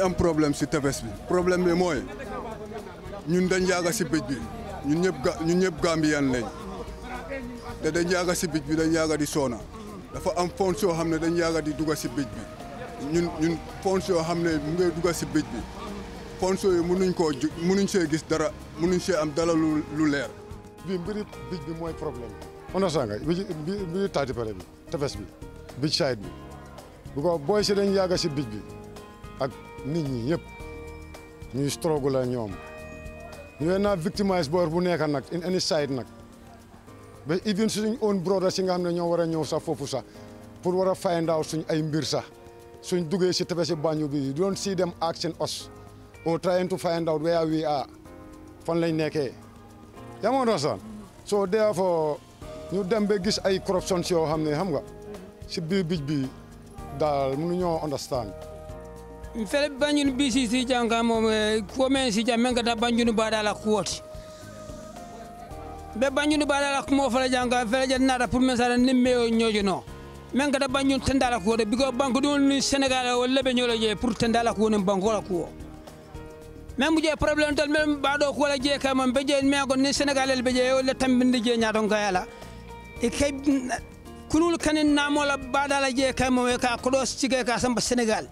dañ am problème si tefes bi problème bi mooy ñun dañ yàgg si bij bi ñun ñëpp ga ñun ñëpp Gambien lañ te dañ yàgg si bij bi dañ yàgg di soona dafa am fonds yoo xam ne dañ yàgg di dugg si bij bi ñun ñun fonds yoo xam ne mu ngi si bij bi fonds yi mënuñ koo ju mënuñ see gis dara mënuñ see am dara lu lu leer. bi mbiri bij bi mooy problème bi. on nga bi mbiru taati pare bi tefes bi bij side bi bu booy si dañ yàgg si bij bi nit ñi ñuy struggle la ñoom ñooy naa victimise boor bu nekk nag in any side nag ba even suñu own brother si nga xam ne ñoo war a ñëw sax foofu sax pour war a find out suñ ay mbir sax suñ duggee si tefes si Banjul bi you don't see them asking us or trying to find out where we are fan lañ nekkee yaa ma understand so therefore ñu dem ba gis ay corruption si yoo xam ne xam nga si biir bij bi daal mënu understand mfele banjunu bisi sija ngamo kuo men sija menga da banjunu badala kuoti be banjunu badala kumo fala janga fele janna da pour mensara nimme o nyojuno menga da banjunu tendala kuo de bigo banku dun ni senegal o lebe nyolo je pour tendala kuo nim bangola kuo même je problème tal même bado ko la je kam be je me ko ni senegal be je o le tambindi je nyaton ga yala e kay kunul kanin namola badala je kam e ka ko do sige ka samba senegal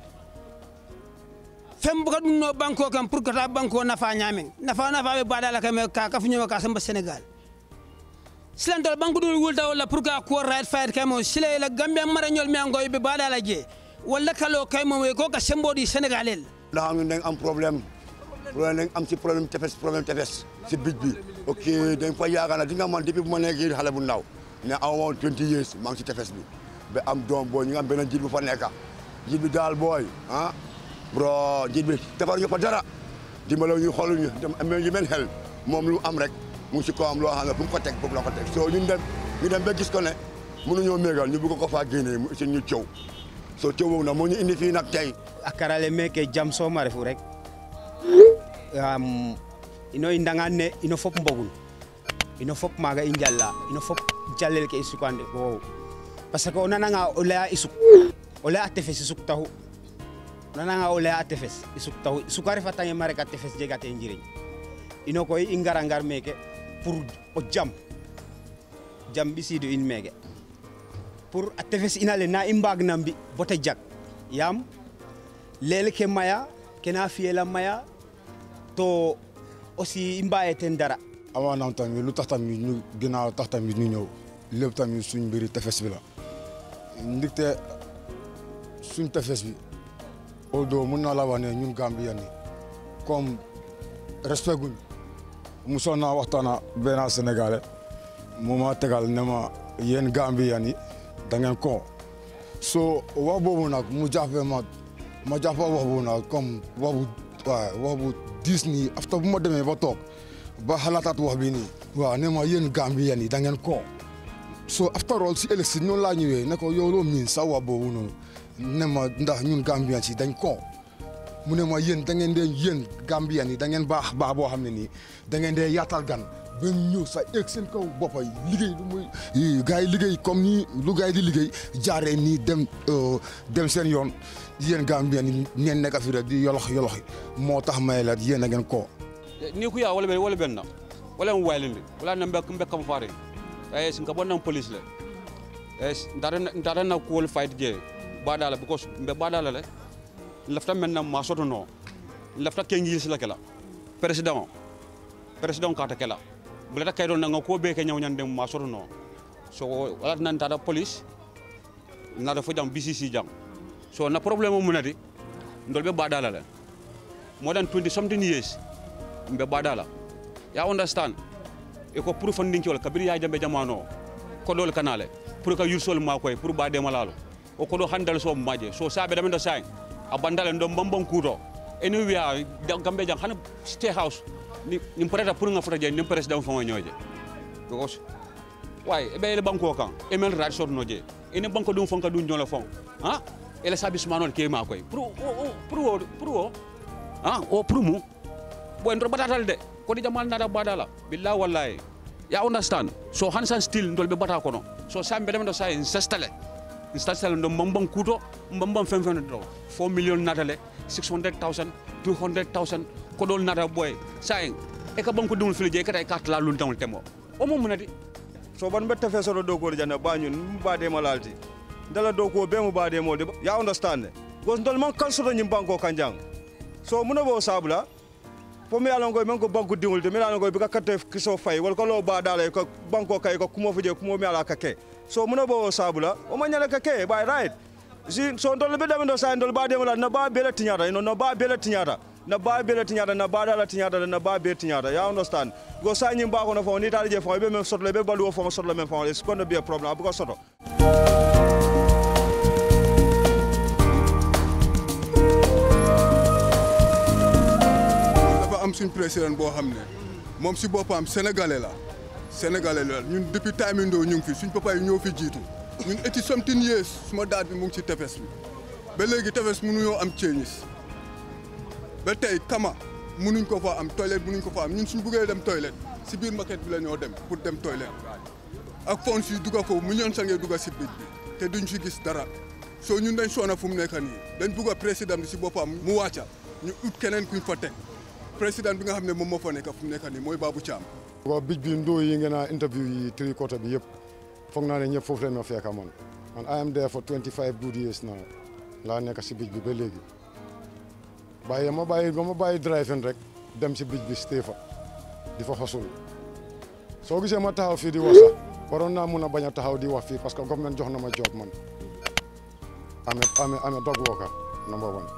fembuka ɗum no banque o kam pour que ta banque o nafa ñamen nafa nafaɓe baɗala kam ka kafuñoma ka samba sénégal silantol banque ɗum wulta walla pour a korra et fayat kaymo sila la gambia marañol mi walla kalo kaymo way ko ka semboɗi sénégal el laxam ndeng am problème problème ndeng am si problème tefes problème tefes si bij bi ok dañ fa yaakaar na di nga man depuis bu ma nekkee xale bu ndaw ne amoon 20 si tefes bi ba am doom booy ñu nga am benn jiit bu fa nekka jiit bi daal booy ah. bro njiit bi defar ñu ko dara dimbalo ñu xol ñu am ñu mel xel mom lu am rek mu ci ko am lo xam ne fu ko tek bu la ko tek so ñu dem ñu dem ba gis ko ne ñoo mégal ñu bëgg ko fa gëné mu ñu ciow so ciow na mo ñu indi fi nak tay akarale meke jam ma refu rek um, ino i ne ino fop mbogul ino fop maga injalla ino fop jallel ke isukande sukande ko parce que onana nga ola isuk ola suk isuk suk Nana o leya a tefes isuk suktaxu suka refatange rek a tefes jega te njiriñ ino koy i ngar meke pour o jam jam ɓisiidu in meke pour a tefes ina le na i nambi na mbi bota jag yaam ke maya ke na maya to osi i mbaye ten dara awa na tamit lu tax tamit ñu ginnaaw tax tamit ñu ñëw lépp tamit suñ mbiri tefes bi la tefes bi although mun naa la wax ñun Gambien ni comme respect guñ musoon naa waxtaana benn Sénégalais mu ma tegal ne ma yéen Gambien yi da ko so wax boobu nag mu jaafe ma ma jaafa wax boobu nag comme wax bu diis nii afta bu ma demee ba toog ba xalaataat wax bi nii waaw ne ma yéen Gambien yi da ngeen ko so after all si élection noonu laa ñëwee ne ko yow miin sa wax boobu noonu ne ma ndax ñun si dañ ko mu ne ma yéen da ngeen dee yéen bah yi da ngeen bax baax bo xamni ni da ngeen dee yaatal gan ba ñu sa ex sen ko bopay liggéey lu muy gaay yi comme ni lu gaay di liggéey jaaree ni dem euh, dem sen yoon yéen gambien ni ñen nek afira di yolox yolox moo tax may la yéen a ngeen ko ni ku ya wala ben wala ben na wala mu waylin wala na mbek mbek faare ay sen ko bon police la ay dara dara na ko wol fight gay badala because mbe badala le lafta menna ma soto no lafta kengi sila kala president president kata kala bulata kayro nanga ko be ke nyawnyan dem ma soto no so wala nan tada police na da fo jam bcc jam so na problème mu nadi ndolbe badala le more than 20 something years mbe badala ya understand e ko pour fandinki wala kabiri ya jambe jamano ko dol kanale pour ka yursol ma pour ba demalalo o ko do handal so maje so saaɓe dama do sayi a bandalen ɗon bambon kuuto ene wiya gambe jang hana stay house ni preta pour nga fota je nin président ñoje gos way ɓe ele banko kan mel rat sotno je ini banko dum fon ka ɗum ñola fon a manol ke ma koy pour pour o pour ha o pour oh, oh, oh, mu bo en to batatal de di jamal nada badala billah wallahi ya understand so hansan still ndol be batako kono so sambe ɗemen do sa sestale installation ɗo kuto kuuto mbambam fen fene ɗo 4 million natale 600000 200000 ko ɗon nata ɓoye sa en e ka banko ɗumol filije kata e kartala luntawol temo o mo munadi soban ɓe tefe soɗo dow koɗo janna bañun mu badema laalti ndala dow ko be mu bademolde ya understand gos ndol man kal soto ñim banko kanjang so muna bo sabla fo mi alangoy man ko banko diŋol te mi alangoy bi ka katte kiso fay wala ko lo badala ko banko kay ko kumo fije kumo mi ala kake so muna bo sabula o ma nyala ka ke by right si so ndol be dem ndo sa ndol ba dem la na ba bele tinyata no no ba bele tinyata na ba bele tinyata na ba dala tinyata na ba be tinyata ya understand go sa nyim ba ko na fo ni tal je fo be me sotlo be balu fo sotlo me fo it's going to be a problem abuko soto dafa am suñ président boo xam ne moom si sénégalais la sénégalais la ñun depuis taamindoo ñu ngi fi suñ papa yi ñoo fi jiitu ñun eti somtin yees suma daat bi mu ngi ci tefes bi ba léegi tefes mënuñoo am ceeñis ba tey kama mënuñ ko fa am toilette mënuñ ko fa am ñun suñ buggee dem toilette si biir maquette bi la ñoo dem pour dem toilette ak fonds yi dugga foofu million sangee dugga si bi te duñ si gis dara soo ñun dañ soona fu mu nekk nii dañ bugg a président bi si boppam mu wàcca ñu ut keneen kuñ fa teg président bi nga xam ne moom moo fa nekk fu nekk nii mooy Babou Thiam waaw bij bi ndoo yi ngeen a interview yi tri côté bi yëpp foog naa ne ñëpp foofu leen ma fekka man I am there for 25 good nekk si bij bi ba léegi ma bàyyi ba ma bàyyi driving rek dem si bij bi stay fa di fa xosul soo gisee ma taxaw fii di wax sax waroon naa mun a bañ a taxaw di wax fii parce que government jox na ma job man ame ame ame dog wooka number one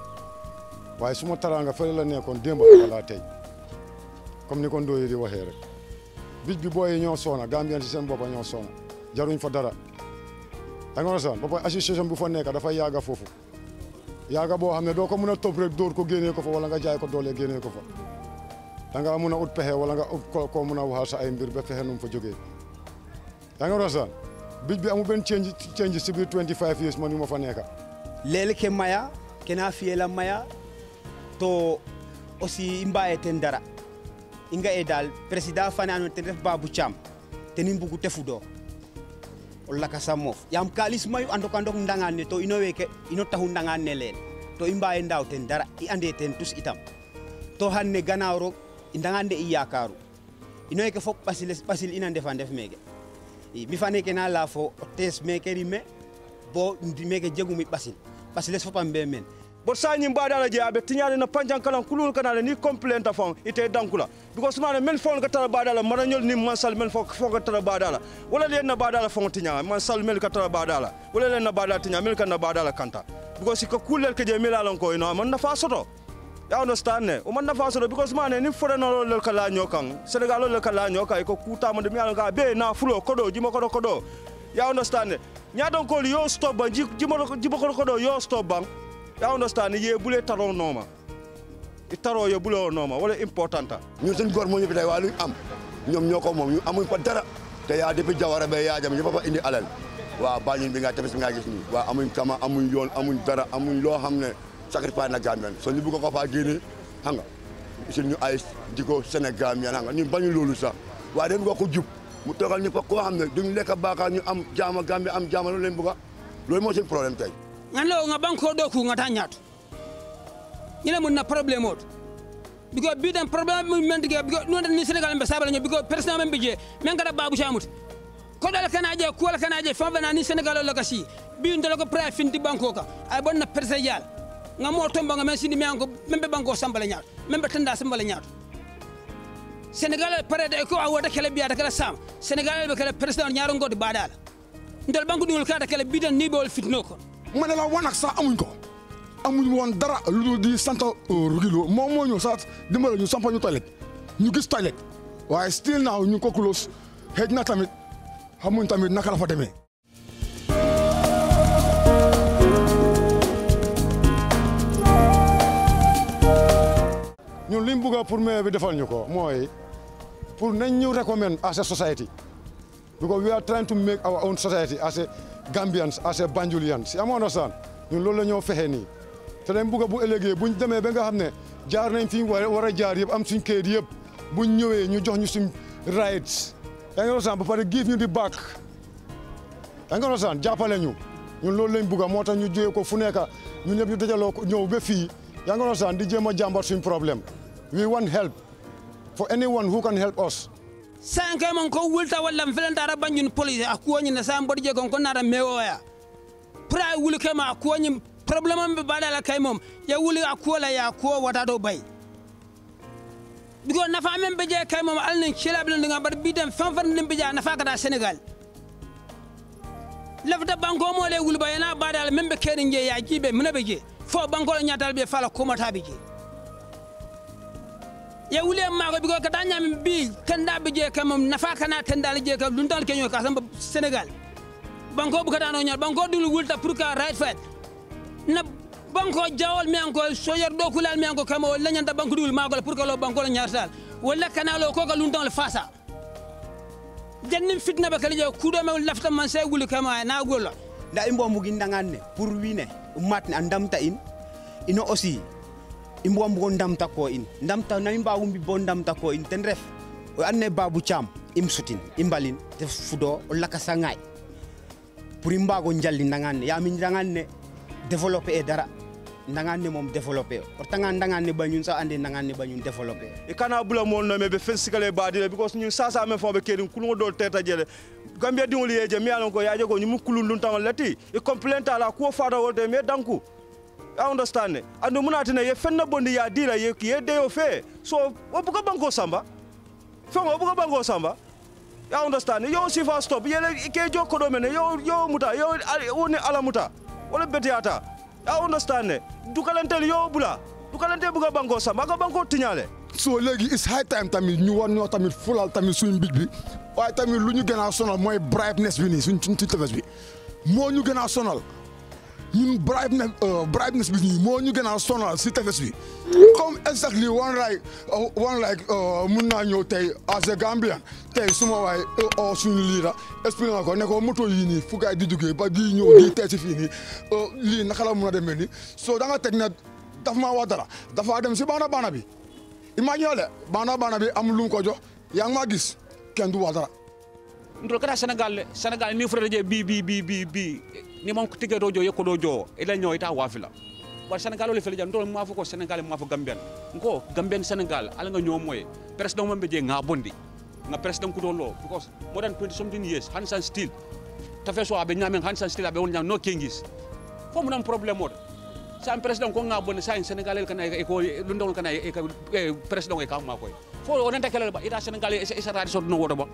waaye su ma taraanga fële la nekkoon démb wala tey comme ni ko ndóoyi di waxee rek bij bi booyee ñoo soona Gambien si seen boppa ñoo soona jaruñ fa dara da nga rasaan ba association bu fa nekk dafay yaaga foofu yaaga boo xam ne doo ko mën a topp rek dóor ko génnee ko fa wala nga jaay ko doole génnee ko fa da nga mën a ut pexe wala nga ut koo mën a waxal sa ay mbir ba fexe nu fa jógee da nga rasaan bij bi amu benn change change si biir 25 years man yu ma fa nekka leeli ke maya kena fiyela maya to aussi i mbaayeten dara inga e dal presida fane tenef ten ref cham tenin bugu tefudo olla lakasa moof yam kalis mayu andok-andok ndangan ne to ino weke ino tahu ndangan ne len to imba mbaye ten dara i ande ten tus itam to han ne ganaaw ndangan de iya karu ino fok fop pasil pasil ina ndefa def mege i mi fane ke na laya fo rime bo meke jegum i pasil pasil fop a mbee bo sañi mbaɗana jeeyaɓe tiñade no kala kulol kanale ni complainte fon ite dankula because mane men fon ka tara baɗala marañol ni mansal men fo ka tara baɗala wala len na baɗala fon tiñaga mansal mel ka tara baɗala wala len na baɗala tiña mel ka na baɗala kanta because ko kullel ke je milalan ko ino man nafa soto ya understand ne o man nafa soto because mane ni forenolo lol ka laño kan sénégal lol ka laño kan ko kutama de miyalan ka be na fulo kodo jima koɗo kodo ya understand ne ñadon ko yo stop ban jima koɗo kodo yo stop ban You understand? Ye bule taro noma. Taro woo bule noma. Wala importanta. Ñu sen gor mo ñu fi tay walu am. Ñom ñoko mom ñu amuñ fa dara. Te ya depuis jawara be ya jam ñu fa indi alal. Wa bañu bi nga tefes nga gis ni. waa amuñ kama amuñ yoon amuñ dara amuñ loo lo xamne sacrifice na gambian. So ñu bu ko fa gëné xam nga. Ci ñu ay diko Sénégal mi nga ñu bañu loolu sax. Wa dañ ko ko jup. mu toogal ñu fa koo xam ne duñu lekk baaxaar ñu am jaama Gambie am jaama leen bëgg loolu moo seen problème ngan lo nga banko ɗo nga tanyat ñina mum na probléme mot biko biɗen mu men tige biko ɗuɗen ni senegal mbé sabala ñu biko président men babu jee min gaɗa babou camuta koɗol kanaje kuwol kanaje fanfana ni senegal lo loka si bindolo ko fin di banko ka ay na président yal nga mo tombo men sindi mi anko membe banko sambala ñaar membe tanda sambala senegal sénégal parede ko a da kala da kala sam senegal be kala président ñaarongodo baɗala ndal banko ka da kala dem ni bol fitno ma ne la woon ak sax amuñ ko amuñ woon dara lu dul di sant euh, Rugilo moom moo ñëw sax dimbale ñu sampal ñu toilette ñu gis toilette waaye still naaw ñu ko close xëj na tamit xamuñ tamit naka la fa demee. ñun li mu bëgg pour maire bi defal ñu ko mooy pour nañ ñu recommend as a society because we are trying to make our own society as Gambians as a Banjulians yaa ma understand ñun loolu la ñoo fexe nii te dañ bugg a bu ëllëgee be demee ba nga xam ne jaar nañ fi war a jaar yëpp am suñ kayit yëpp buñ ñëwee ñu jox ñu suñ rights yaa ngi understand ba pare give ñu the back yaa ngi understand jàppale ñu ñun loolu lañ bugg a moo tax ñu jógee ko fu nekk ñun ñëpp ñu dajaloo ko ñëw ba fii yaa ngi understand di jéem a jàmbat suñ problème we want help for anyone who can help us sanke mon ko wulta walla felanta ara bañun police a kuwoñi na sa mboɗo je kon kon nara mewoya pra wuli ma a kuwoñi probléme mɓe mbaɗala kay mom ye wuli a kuwola ya kuwo wata ɗo bayi ɗigo nafa men ɓe je kay mom alnin cilaɓe ndiga mbaɗa mbiten fanfan ndin ɓe je a nafa kata sénégal lafta banko mo le wulba yana baɗala men ɓe keɗen je ya jiɓe mina ɓe je fo bankola ñatal ɓe fala komataɓe je ye wule ko biko kata nyami bi tenda bi je kam nafa kana tenda je kam dun dal kenyo sam senegal banko bu kata no nyal banko dul wulta pour ka right fait na banko jawol mi anko yer do kulal mi anko kam o lanyanda banko dul mako pour ka lo banko sal wala kana lo ko ka lun dal fasa jennim fitna ba kali je do ma lafta man sey wuli kama na gol la imbo mugin ne pour wine andam ta in ino aussi i mbom go ndamta ko in ndamta nami mbagu mbi bo ndamta ko in ten ref o anne babou thiam im sutin i mbalin te fudo o lakasa ngaay pour i mbago njalli ndangan ne yami ndangan ne développer e dara ndangan ne mom développer o tanga ndangan ne bañun sax ande ndangan ne bañun développer e kana bula mo no me be fensikale baadile because ñun sasa me fo be kedin kulungo do teta jele gambia diŋolu yeje mi ye a lon ko yaje ko ñumu kulundun tama lati i e complainte ala kuwo fata wolte me danku I understand it. And the munatina ye fenna bondi ya dira ye ye deyo fe. So obuka bango samba. Fengo obuka bango samba. I understand it. Yo sifa stop. Ye ke jo kodomene yo yo muta yo one ala muta. Ole betiata. I understand it. Dukalante yo bula. Dukalante buka bango samba. Ka bango tinyale. so legi, it's high time tamit new one new tamit full tamit suñ bij bi waaye tamit lu ñu gën sonal mooy brightness bi nii suñ suñ tefes bi moo ñu gën sonal ñun euh, brightness bi nii moo ñu gën a si tefes bi comme exactly one like euh, one like euh, mun naa ñëw tey as a Gambian tey suma waay o oh, suñu lii la expliqué na ko ne ko moto yii nii fu gaay di duggee ba di ñëw di tey si fii nii lii naka la mun a demee nii soo da nga teg ne daf maa wax dafa dem si baana baana bi imagine le baana baana bi amul lu mu ko jox yaa ngi maa gis kenn du wax dara. Ndoro kana Sénégal Sénégal ni fure dajee bii bii bii bii. ni mon tiga dojo yeko dojo ila nyo ita wafila war senegal ole fele jam ndol mafo ko senegal mafo gambien ngo gambien senegal ala nga moy président mo je nga bondi nga président ku dolo because more than 20 something years hands still, steel tafe so abé ñamen hands still steel abe won ñam no kengis fo mo nam problème mo sa président ko nga bondi sa senegal el kanay e ko lu ndol kanay e ka eh, president e ka ma koy fo on kala ba ita senegal e sa radio no wodo ba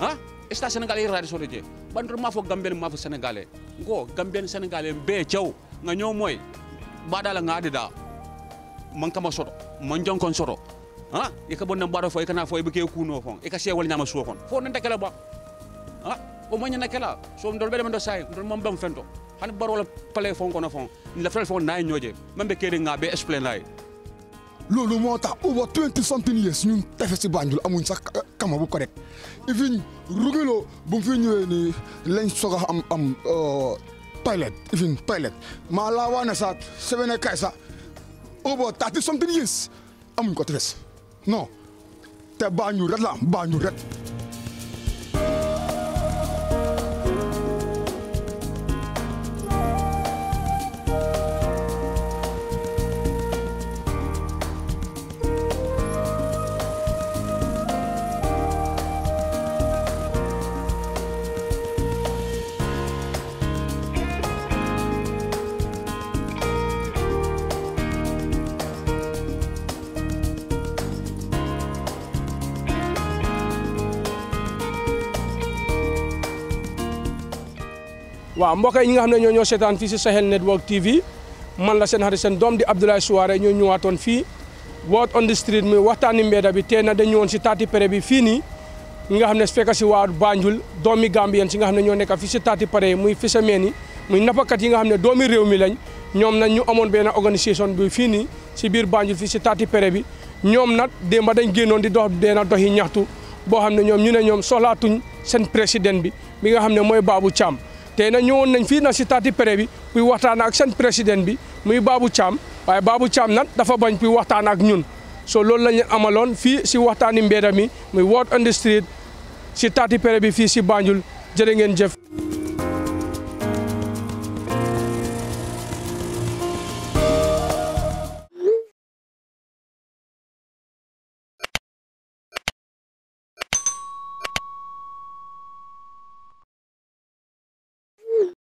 ha sta sénégalais rari sore je bandur mafo gambel mafo sénégalais go gambien sénégalais be ciaw nga ñoo moy badala nga adida man kama soto man jonkon soto ha e ka bonna baro fo e kana fo e beke kuno fon e ka sewol nyama so kon fo nante kala e ba ha o mo nyana kala so ndol be do say ndol mom bam fento han e e baro la pale fon kono fon la fel fon nay ñoje mambe kede nga be explain lay loolu moo tax over twenty something years ñun tefes si Banjul amuñ sax kama bu correct ifiñ rugiloo bu mu fi ñëwee nii lañ soog a am am pilot ifiñ pilot maa laa waa ne sax sebene kay sax over thirty something years amuñ ko tefes non te Banjul rek la Banjul rek wa mbokk yi nga xamne ñoo ñoo sétane fi ci Sahel Network TV man la sen xarit di Abdoulaye Souare ñoo waton fi, wot on the Street mi waxtani mbeda bi tey na dañu won ci tati pere bi fii nga xamne fekk ci waa Banjul domi Gambien ci nga xamne ñoo nekk fi ci tati pere yi muy fisameen yi muy napakat yi nga xamne domi rew mi lañ ñom nag ñu amone ben organisation bi fii nii si bir Banjul fi ci tati pere bi nak de ma dañ di dox deena doxi ñaxtu bo xamne ñom ñu ne bi mi nga xamne moy Cham tey nag ñëwoon nañ fii na si taati pere bi pour waxtaan ak seen président bi muy Babou Cham waaye Babou Cham nag dafa bañ pour waxtaan ak ñun so loolu la ñu amaloon fii si waxtaani mbedd mi muy Word on the Street si taati pere bi fii si Banjul jërë ngeen jëf.